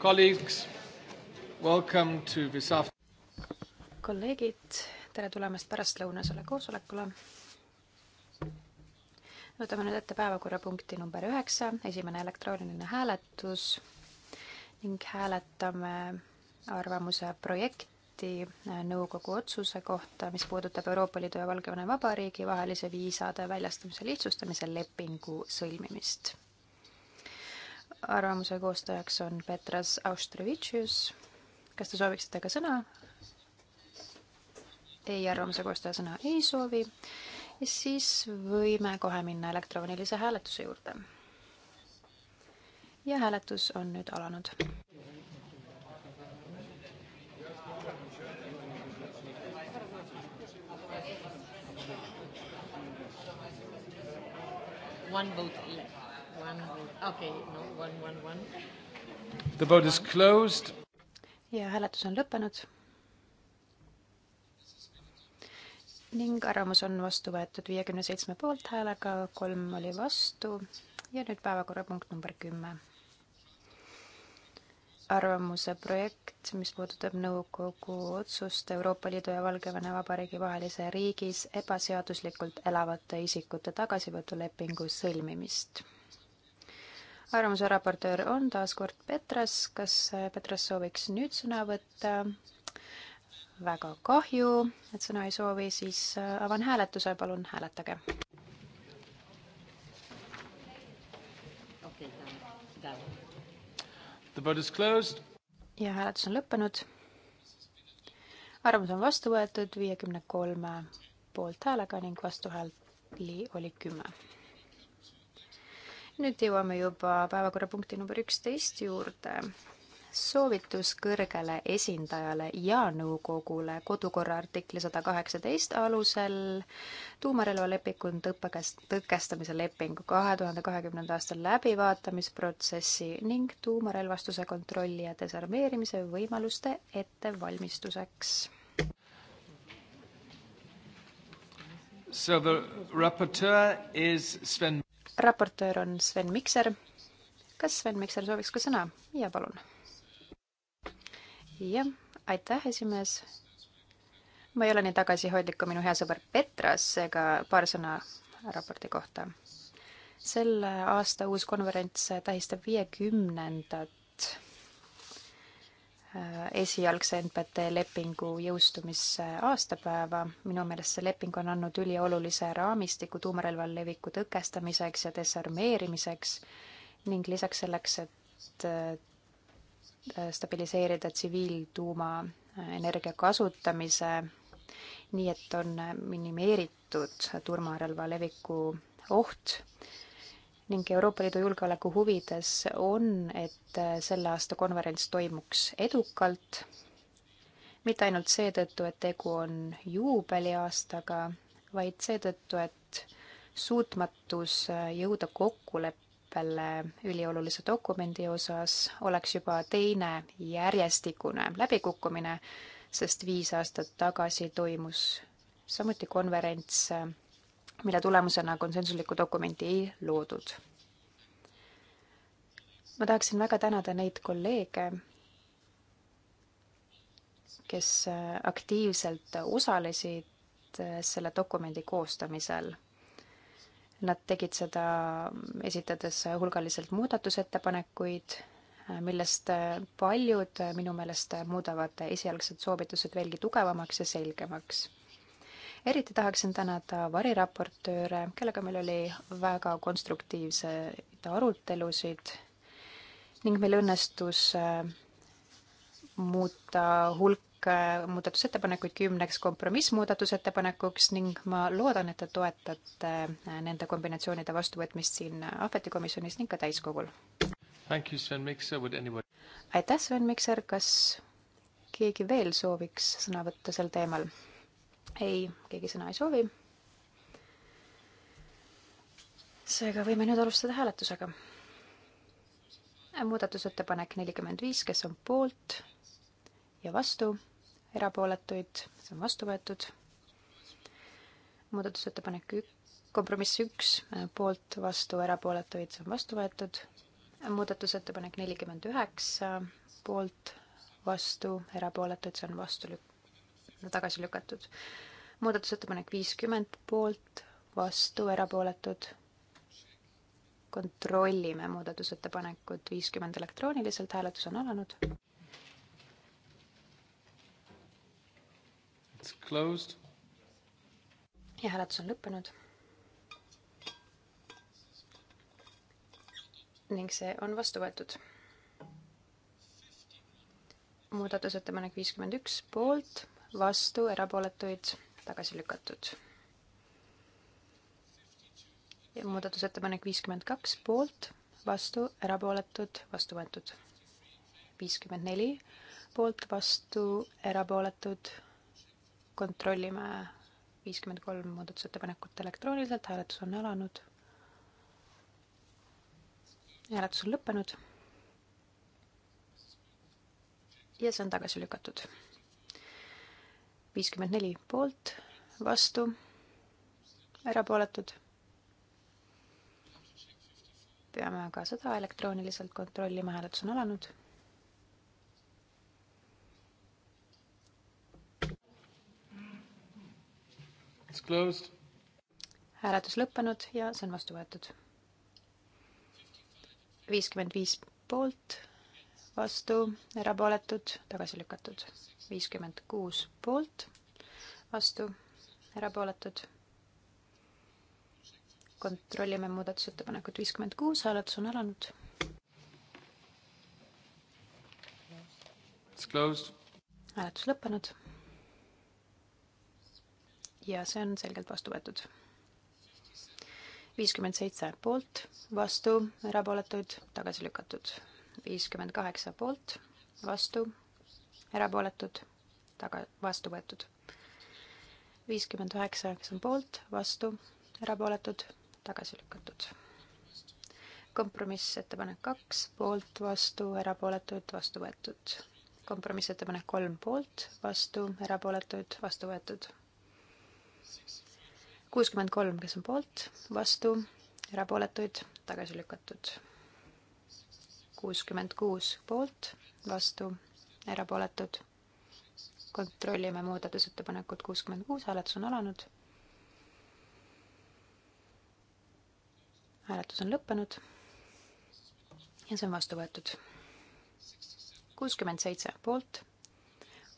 Colleagues, welcome to this after- kolleegid, tere tulemast pärastlõunasele koosolekule. võtame nüüd ette päevakorrapunkti number üheksa, esimene elektrooniline hääletus ning hääletame arvamuse projekti nõukogu otsuse kohta, mis puudutab Euroopa Liidu ja Valgevene Vabariigi vahelise viisade väljastamise lihtsustamise lepingu sõlmimist arvamuse koostajaks on Petras Austrevitšius. kas te sooviksite ka sõna? ei, arvamuse koostaja sõna ei soovi. ja siis võime kohe minna elektroonilise hääletuse juurde. ja hääletus on nüüd alanud. One vote left okay, no, one, one, one. The vote is closed. ja hääletus on lõppenud. ning arvamus on vastu võetud viiekümne seitsme poolthäälega, kolm oli vastu ja nüüd päevakorrapunkt number kümme. arvamuse projekt, mis puudutab nõukogu otsust Euroopa Liidu ja Valgevene Vabariigi vahelise riigis ebaseaduslikult elavate isikute tagasivõtulepingu sõlmimist arvamuse raportöör on taas kord Petras, kas äh, Petras sooviks nüüd sõna võtta? väga kahju, et sõna ei soovi, siis äh, avan hääletuse, palun hääletage. ja hääletus on lõppenud. arvamus on vastu võetud viiekümne kolme poolthäälega ning vastuhääli oli kümme nüüd jõuame juba päevakorrapunkti number üksteist juurde. soovitus kõrgele esindajale ja nõukogule kodukorra artikli sada kaheksateist alusel tuumarelvalepingut õppekäest tõkestamise lepingu kahe tuhande kahekümnenda aasta läbivaatamisprotsessi ning tuumarelvastuse kontrolli ja desarmeerimise võimaluste ettevalmistuseks So the rapporteur is Sven raportöör on Sven Mikser. kas Sven Mikser sooviks ka sõna? ja palun. jah, aitäh, esimees. ma ei ole nii tagasihoidlik kui minu hea sõber Petras, seega paar sõna raporti kohta. selle aasta uus konverents tähistab viiekümnendat Äh, esialgse NPT lepingu jõustumise aastapäeva. minu meelest see leping on andnud üliolulise raamistiku tuumarelva leviku tõkestamiseks ja desarmeerimiseks ning lisaks selleks, et äh, stabiliseerida tsiviiltuumaenergia äh, kasutamise, nii et on minimeeritud tuumarelva leviku oht ning Euroopa Liidu julgeoleku huvides on, et äh, selle aasta konverents toimuks edukalt, mitte ainult seetõttu, et tegu on juubeliaastaga, vaid seetõttu, et suutmatus äh, jõuda kokkuleppele üliolulise dokumendi osas oleks juba teine järjestikune läbikukkumine, sest viis aastat tagasi toimus samuti konverents äh, mille tulemusena konsensuslikku dokumenti ei loodud. ma tahaksin väga tänada neid kolleege, kes aktiivselt osalesid selle dokumendi koostamisel. Nad tegid seda esitades hulgaliselt muudatusettepanekuid, millest paljud minu meelest muudavad esialgsed soovitused veelgi tugevamaks ja selgemaks eriti tahaksin tänada variraportööre, kellega meil oli väga konstruktiivseid arutelusid ning meil õnnestus äh, muuta hulk äh, muudatusettepanekuid kümneks kompromissmuudatusettepanekuks ning ma loodan, et te toetate äh, nende kombinatsioonide vastuvõtmist siin Ahveti komisjonis ning ka täiskogul. Anyone... aitäh, Sven Mikser, kas keegi veel sooviks sõna võtta sel teemal? ei, keegi sõna ei soovi. seega võime nüüd alustada hääletusega. muudatusettepanek nelikümmend viis, kes on poolt ja vastu, erapooletuid, see on vastu võetud. muudatusettepanek ük-, kompromiss üks, poolt, vastu, erapooletuid, see on vastu võetud. muudatusettepanek nelikümmend üheksa, poolt, vastu, erapooletuid, see on vastu lük-, tagasi lükatud muudatusettepanek viiskümmend poolt, vastu, erapooletud. kontrollime muudatusettepanekut viiskümmend elektrooniliselt, hääletus on alanud. ja hääletus on lõppenud. ning see on vastu võetud muudatusettepanek viiskümmend üks, poolt, vastu, erapooletuid, tagasi lükatud. ja muudatusettepanek viiskümmend kaks poolt, vastu, erapooletud, vastu võetud. viiskümmend neli poolt, vastu, erapooletud. kontrollime viiskümmend kolm muudatusettepanekut elektrooniliselt, hääletus on alanud. hääletus on lõppenud. ja see on tagasi lükatud viiskümmend neli poolt, vastu, erapooletud. peame ka seda elektrooniliselt kontrollima, hääletus on alanud. hääletus lõppenud ja see on vastu võetud. viiskümmend viis poolt vastu, erapooletud, tagasi lükatud. viiskümmend kuus poolt, vastu, erapooletud. kontrollime muudatusettepanekut viiskümmend kuus, hääletus on alanud. hääletus lõppenud. ja see on selgelt vastu võetud viiskümmend seitse poolt, vastu, erapooletuid, tagasi lükatud viiskümmend kaheksa poolt, vastu, erapooletud, taga, vastu võetud. viiskümmend üheksa, kes on poolt, vastu, erapooletud, tagasi lükatud. kompromissettepanek kaks, poolt, vastu, erapooletud, vastu võetud. kompromissettepanek kolm, poolt, vastu, erapooletud, vastu võetud. kuuskümmend kolm, kes on poolt, vastu, erapooletuid, tagasi lükatud kuuskümmend kuus poolt, vastu, erapooletud. kontrollime muudatusettepanekut kuuskümmend kuus, hääletus on alanud. hääletus on lõppenud ja see on vastu võetud. kuuskümmend seitse poolt,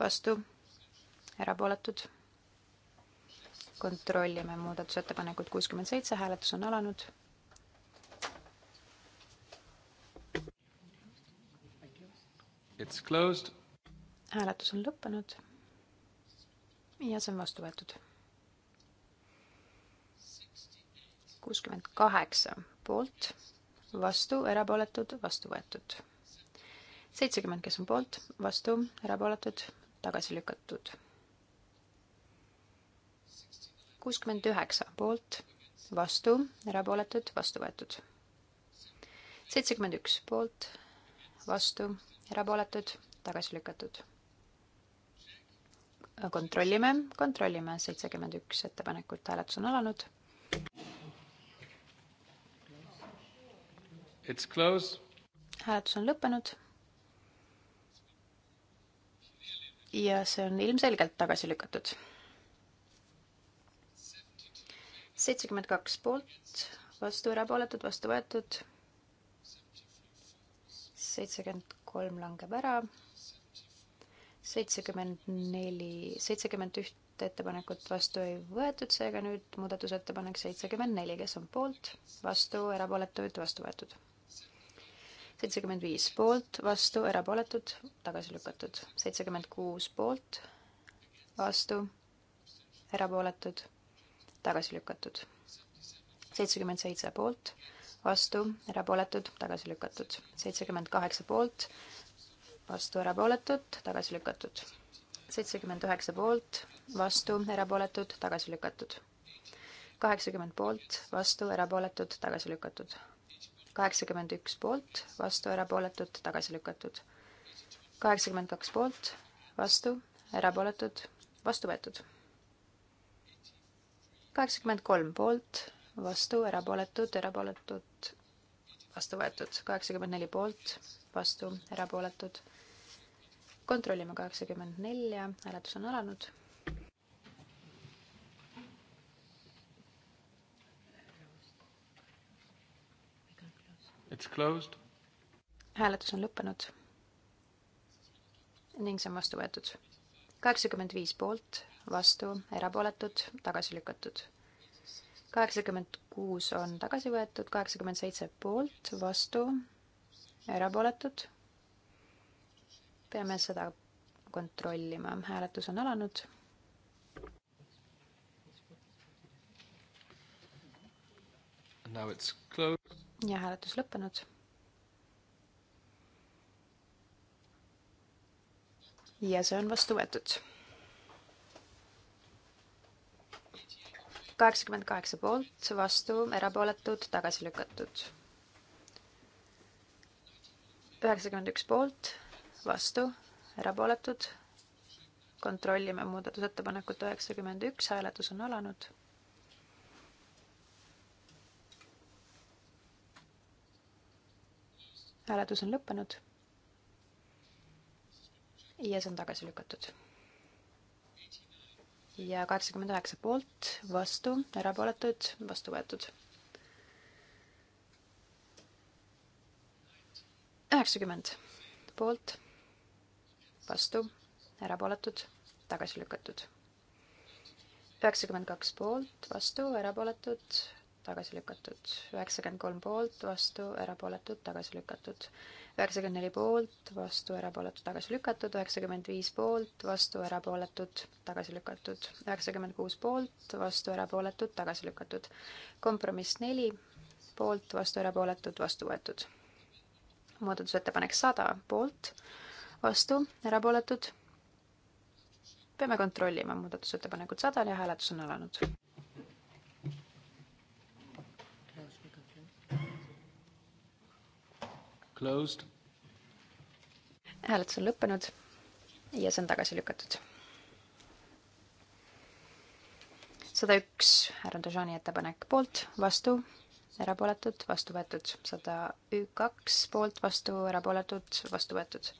vastu, erapooletud. kontrollime muudatusettepanekut kuuskümmend seitse, hääletus on alanud It's closed. hääletus on lõppenud. ja see on vastu võetud. kuuskümmend kaheksa poolt, vastu, erapooletud, vastu võetud. seitsekümmend, kes on poolt, vastu, erapooletud, tagasi lükatud. kuuskümmend üheksa poolt, vastu, erapooletud, vastu võetud. seitsekümmend üks poolt, vastu, erapooletud, tagasi lükatud. kontrollime, kontrollime, seitsekümmend üks ettepanekut, hääletus on alanud. hääletus on lõppenud. ja see on ilmselgelt tagasi lükatud. seitsekümmend kaks poolt, vastu erapooletud, vastu võetud. seitsekümmend kolm langeb ära, seitsekümmend neli, seitsekümmend üht ettepanekut vastu ei võetud, seega nüüd muudatusettepanek seitsekümmend neli, kes on poolt, vastu, erapooletuid, vastu võetud. seitsekümmend viis poolt, vastu, erapooletud, tagasi lükatud. seitsekümmend kuus poolt, vastu, erapooletud, tagasi lükatud. seitsekümmend seitse poolt vastu, erapooletud, tagasi lükatud. seitsekümmend kaheksa poolt, vastu, erapooletud, tagasi lükatud. seitsekümmend üheksa poolt, vastu, erapooletud, tagasi lükatud. kaheksakümmend poolt, vastu, erapooletud, tagasi lükatud. kaheksakümmend üks poolt, vastu, erapooletud, tagasi lükatud. kaheksakümmend kaks poolt, vastu, erapooletud, vastu võetud. kaheksakümmend kolm poolt, vastu, erapooletud, erapooletud, vastu võetud, kaheksakümmend neli poolt, vastu, erapooletud. kontrollime kaheksakümmend nelja, hääletus on alanud. hääletus on lõppenud ning see on vastu võetud. kaheksakümmend viis poolt, vastu, erapooletud, tagasi lükatud kaheksakümmend kuus on tagasi võetud, kaheksakümmend seitse poolt, vastu, erapooletud. peame seda kontrollima, hääletus on alanud. ja hääletus lõppenud. ja see on vastu võetud kaheksakümmend kaheksa poolt, vastu, erapooletud, tagasi lükatud. üheksakümmend üks poolt, vastu, erapooletud. kontrollime muudatusettepanekut üheksakümmend üks, hääletus on alanud. hääletus on lõppenud. ja see on tagasi lükatud ja kaheksakümmend üheksa poolt, vastu, erapooletuid, vastu võetud. üheksakümmend poolt, vastu, erapooletud, tagasi lükatud. üheksakümmend kaks poolt, vastu, erapooletud, tagasi lükatud, üheksakümmend kolm poolt, vastu, erapooletud, tagasi lükatud. üheksakümmend neli poolt, vastu, erapooletud, tagasi lükatud, üheksakümmend viis poolt, vastu, erapooletud, tagasi lükatud. üheksakümmend kuus poolt, vastu, erapooletud, tagasi lükatud. kompromiss neli, poolt, vastu, erapooletud, vastu võetud. muudatusettepanek sada, poolt, vastu, erapooletud. peame kontrollima muudatusettepanekut sada ja hääletus on alanud. closed. hääletus on lõppenud ja see on tagasi lükatud. sada üks härra Dojani ettepanek poolt, vastu, erapooletud, vastu võetud, sada kaks poolt, vastu, erapooletud, vastu võetud.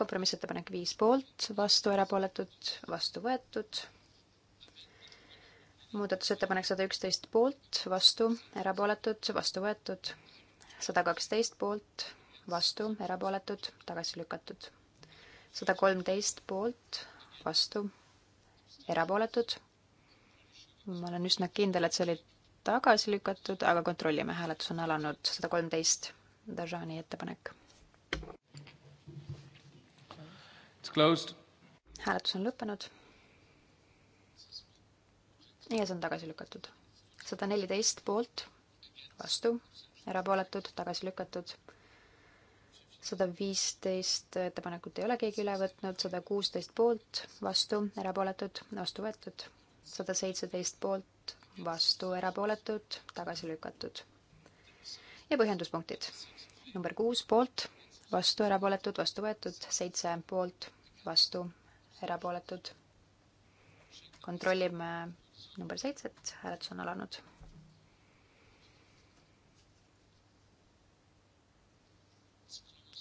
kompromissettepanek viis poolt, vastu, erapooletud, vastu võetud. muudatusettepanek sada üksteist poolt, vastu, erapooletud, vastu võetud sada kaksteist poolt, vastu, erapooletud, tagasi lükatud. sada kolmteist poolt, vastu, erapooletud. ma olen üsna kindel, et see oli tagasi lükatud, aga kontrollime, hääletus on alanud, sada kolmteist, Dajani ettepanek. hääletus on lõppenud. ja see on tagasi lükatud. sada neliteist poolt, vastu, erapooletud, tagasi lükatud sada viisteist ettepanekut ei ole keegi üle võtnud, sada kuusteist poolt, vastu, erapooletud, vastu võetud, sada seitseteist poolt, vastu, erapooletud, tagasi lükatud. ja põhjenduspunktid. number kuus poolt, vastu, erapooletud, vastu võetud, seitse poolt, vastu, erapooletud. kontrollime number seitset, hääletus on alanud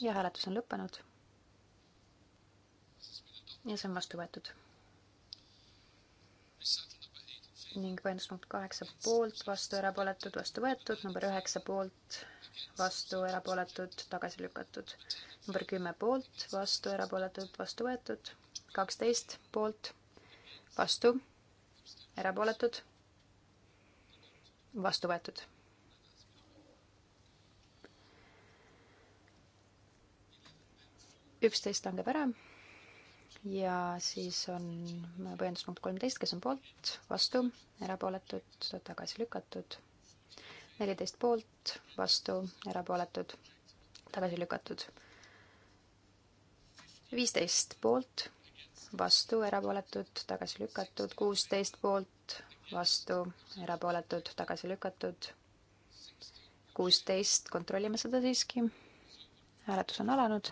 ja hääletus on lõppenud. ja see on vastu võetud. ning põhjenduspunkt kaheksa poolt, vastu erapooletud, vastu võetud, number üheksa poolt, vastu erapooletud, tagasi lükatud. number kümme poolt, vastu erapooletud, vastu võetud, kaksteist poolt, vastu, erapooletud, vastu võetud üksteist langeb ära ja siis on põhjenduspunkt kolmteist, kes on poolt, vastu, erapooletud, tagasi lükatud. neliteist poolt, vastu, erapooletud, tagasi lükatud. viisteist poolt, vastu, erapooletud, tagasi lükatud, kuusteist poolt, vastu, erapooletud, tagasi lükatud. kuusteist, kontrollime seda siiski. hääletus on alanud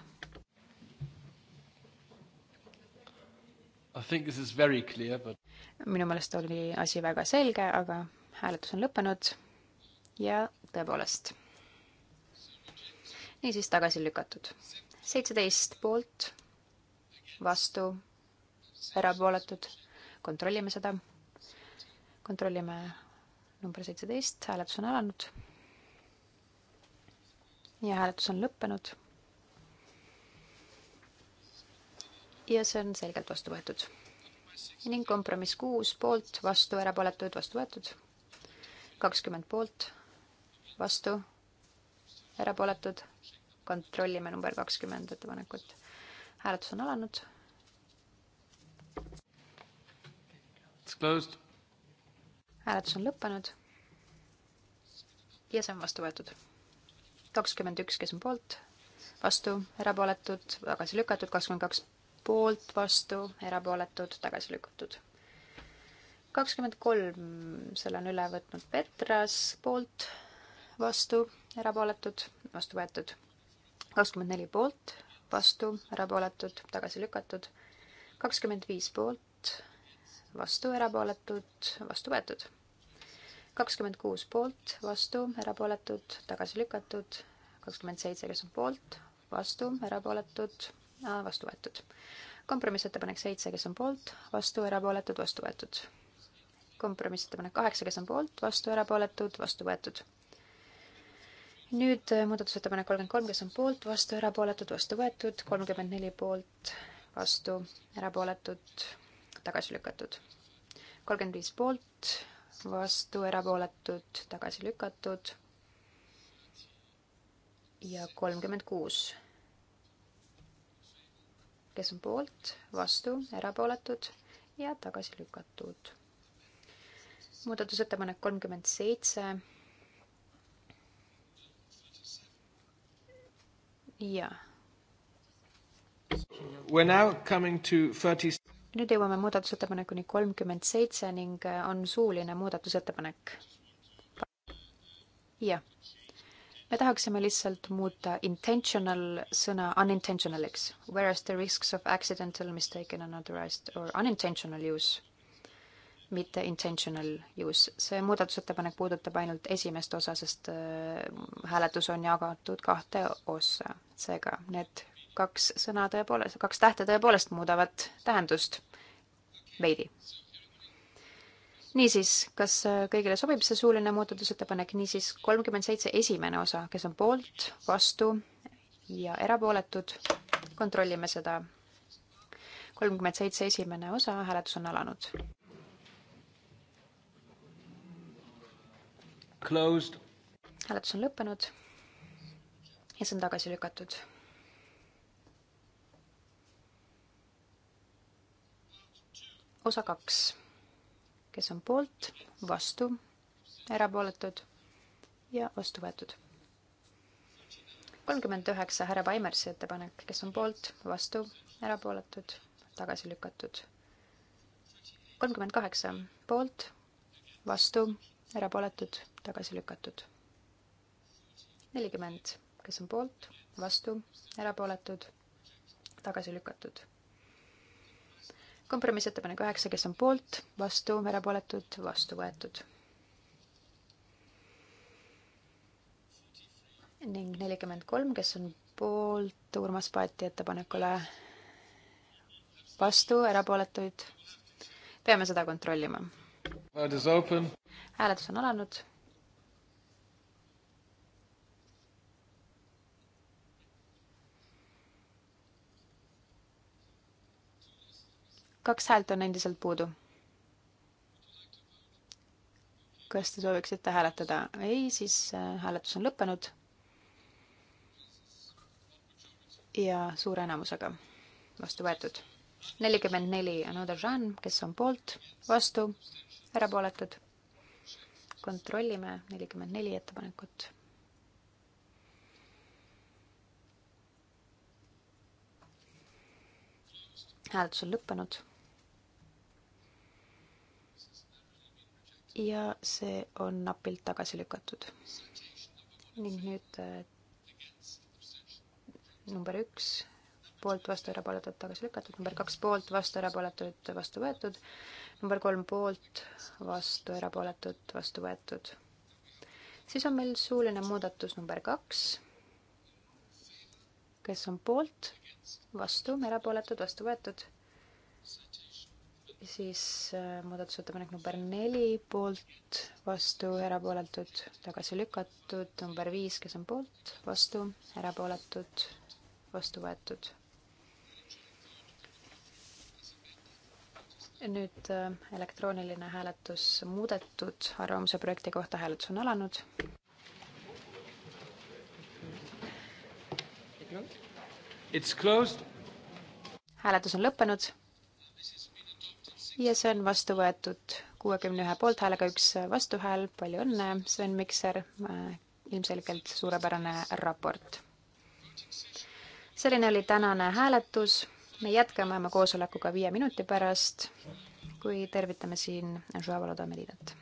Clear, but... minu meelest oli asi väga selge, aga hääletus on lõppenud ja tõepoolest. niisiis tagasi lükatud. seitseteist poolt, vastu, erapooletud. kontrollime seda. kontrollime number seitseteist, hääletus on alanud. ja hääletus on lõppenud ja see on selgelt vastu võetud. ning kompromiss kuus poolt, vastu, erapooletuid, vastu võetud. kakskümmend poolt, vastu, erapooletud. kontrollime number kakskümmend ettepanekut. hääletus on alanud. hääletus on lõppenud. ja see on vastu võetud. kakskümmend üks, kes on poolt, vastu, erapooletud, tagasi lükatud, kakskümmend kaks poolt, vastu, erapooletud, tagasi lükatud. kakskümmend kolm, selle on üle võtnud Petras, poolt, vastu, erapooletud, vastu võetud. kakskümmend neli poolt, vastu, erapooletud, tagasi lükatud. kakskümmend viis poolt, vastu, erapooletud, vastu võetud kakskümmend kuus poolt, vastu, erapooletud, tagasi lükatud, kakskümmend seitse, kes on poolt, vastu, erapooletud, äh, vastu võetud. kompromissettepanek seitse, kes on poolt, vastu, erapooletud, vastu võetud. kompromissettepanek kaheksa, kes on poolt, vastu, erapooletud, vastu võetud. nüüd äh, muudatusettepanek kolmkümmend kolm, kes on poolt, vastu, erapooletud, vastu võetud, kolmkümmend neli poolt, vastu, erapooletud, tagasi lükatud. kolmkümmend viis poolt, vastu, erapooletud, tagasi lükatud ja kolmkümmend kuus. kes on poolt, vastu, erapooletud ja tagasi lükatud. muudatusettepanek kolmkümmend seitse. ja. We're now coming to thirty 30 nüüd jõuame muudatusettepanekuni kolmkümmend seitse ning äh, on suuline muudatusettepanek. jah, me tahaksime lihtsalt muuta intentional sõna unintentional'iks, whereas the risks of accidental, mistaken, unauthorized or unintentional use, mitte intentional use. see muudatusettepanek puudutab ainult esimest osa, sest äh, hääletus on jagatud kahte ossa. seega need kaks sõna tõepoolest, kaks tähte tõepoolest muudavad tähendust veidi niisiis, kas äh, kõigile sobib see suuline muudatusettepanek, niisiis kolmkümmend seitse esimene osa, kes on poolt, vastu ja erapooletud, kontrollime seda. kolmkümmend seitse esimene osa, hääletus on alanud. Closed. hääletus on lõppenud ja see on tagasi lükatud. osa kaks kes on poolt, vastu, erapooletud ja vastu võetud. kolmkümmend üheksa härra Vaimersi ettepanek, kes on poolt, vastu, erapooletud, tagasi lükatud. kolmkümmend kaheksa poolt, vastu, erapooletud, tagasi lükatud. nelikümmend, kes on poolt, vastu, erapooletud, tagasi lükatud kompromissettepanek üheksa, kes on poolt, vastu, erapooletud, vastu võetud. ning nelikümmend kolm, kes on poolt Urmas Paeti ettepanekule, vastu, erapooletuid. peame seda kontrollima. hääletus on alanud kaks häält on endiselt puudu. kas te sooviksite hääletada? ei, siis äh, hääletus on lõppenud. ja suure enamusega vastu võetud. nelikümmend neli Another Jean, kes on poolt, vastu, erapooletud. kontrollime nelikümmend neli ettepanekut hääletus on lõppenud ja see on napilt tagasi lükatud. ning nüüd äh, number üks, poolt, vastu, erapooletud, tagasi lükatud, number kaks poolt, vastu, erapooletud, vastu võetud, number kolm poolt, vastu, erapooletud, vastu võetud. siis on meil suuline muudatus number kaks, kes on poolt, vastu, erapooletud, vastu võetud siis äh, muudatusettepanek number neli poolt, vastu, erapooletud, tagasi lükatud, number viis, kes on poolt, vastu, erapooletud, vastu võetud. nüüd äh, elektrooniline hääletus muudetud arvamuse projekti kohta, hääletus on alanud. hääletus on lõppenud ja see on vastu võetud kuuekümne ühe poolthäälega, üks vastuhääl, palju õnne, Sven Mikser, ilmselgelt suurepärane raport. selline oli tänane hääletus, me jätkame oma koosolekuga viie minuti pärast, kui tervitame siin Joao Lodomelidat